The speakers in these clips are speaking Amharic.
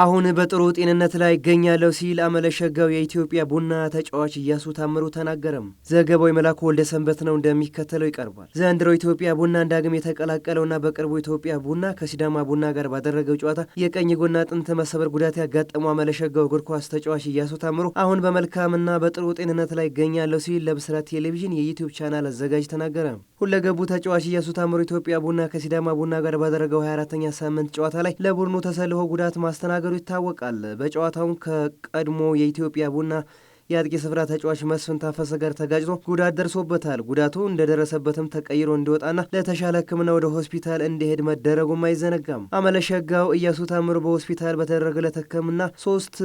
አሁን በጥሩ ጤንነት ላይ ይገኛለሁ ሲል አመለሸጋው የኢትዮጵያ ቡና ተጫዋች እያሱ ታምሩ ተናገረም። ዘገባው የመላኩ ወልደ ሰንበት ነው፣ እንደሚከተለው ይቀርባል። ዘንድሮ ኢትዮጵያ ቡና ዳግም የተቀላቀለውና በቅርቡ ኢትዮጵያ ቡና ከሲዳማ ቡና ጋር ባደረገው ጨዋታ የቀኝ ጎን አጥንት መሰበር ጉዳት ያጋጠመው አመለሸጋው እግር ኳስ ተጫዋች እያሱ ታምሩ አሁን በመልካምና በጥሩ ጤንነት ላይ ይገኛለሁ ሲል ለብስራት ቴሌቪዥን የዩቲዩብ ቻናል አዘጋጅ ተናገረ። ሁለገቡ ተጫዋች እያሱ ታምሩ ኢትዮጵያ ቡና ከሲዳማ ቡና ጋር ባደረገው 24 ተኛ ሳምንት ጨዋታ ላይ ለቡድኑ ተሰልፎ ጉዳት ማስተናገ መናገሩ ይታወቃል። በጨዋታውን ከቀድሞ የኢትዮጵያ ቡና የአጥቂ ስፍራ ተጫዋች መስፍን ታፈሰ ጋር ተጋጭቶ ጉዳት ደርሶበታል። ጉዳቱ እንደደረሰበትም ተቀይሮ እንዲወጣና ለተሻለ ሕክምና ወደ ሆስፒታል እንዲሄድ መደረጉም አይዘነጋም። አመለሸጋው እያሱ ታምሩ በሆስፒታል በተደረገለት ሕክምና ሶስት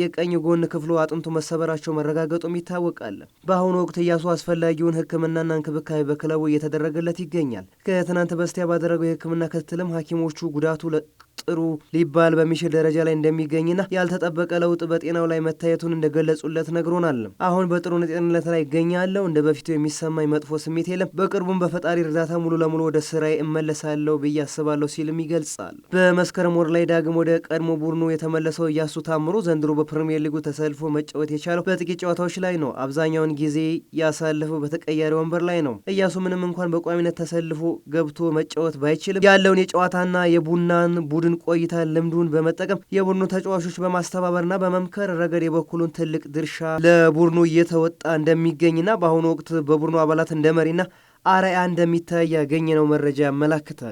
የቀኝ ጎን ክፍሉ አጥንቱ መሰበራቸው መረጋገጡም ይታወቃል። በአሁኑ ወቅት እያሱ አስፈላጊውን ህክምናና እንክብካቤ በክለቡ እየተደረገለት ይገኛል። ከትናንት በስቲያ ባደረገው የህክምና ክትትልም ሐኪሞቹ ጉዳቱ ጥሩ ሊባል በሚችል ደረጃ ላይ እንደሚገኝና ያልተጠበቀ ለውጥ በጤናው ላይ መታየቱን እንደገለጹለት ነግሮናል። አሁን በጥሩ ጤንነት ላይ ይገኛለሁ። እንደ በፊቱ የሚሰማኝ መጥፎ ስሜት የለም። በቅርቡም በፈጣሪ እርዳታ ሙሉ ለሙሉ ወደ ስራዬ እመለሳለሁ ብዬ አስባለሁ ሲልም ይገልጻል። በመስከረም ወር ላይ ዳግም ወደ ቀድሞ ቡድኑ የተመለሰው እያሱ ታምሩ ዘንድሮ በፕሪምየር ሊጉ ተሰልፎ መጫወት የቻለው በጥቂት ጨዋታዎች ላይ ነው። አብዛኛውን ጊዜ ያሳለፈው በተቀያሪ ወንበር ላይ ነው። እያሱ ምንም እንኳን በቋሚነት ተሰልፎ ገብቶ መጫወት ባይችልም ያለውን የጨዋታና የቡናን ቡድን ቡድን ቆይታ ልምዱን በመጠቀም የቡድኑ ተጫዋቾች በማስተባበርና በመምከር ረገድ የበኩሉን ትልቅ ድርሻ ለቡድኑ እየተወጣ እንደሚገኝና በአሁኑ ወቅት በቡድኑ አባላት እንደ መሪና አርአያ እንደሚታይ ያገኘነው መረጃ ያመላክታል።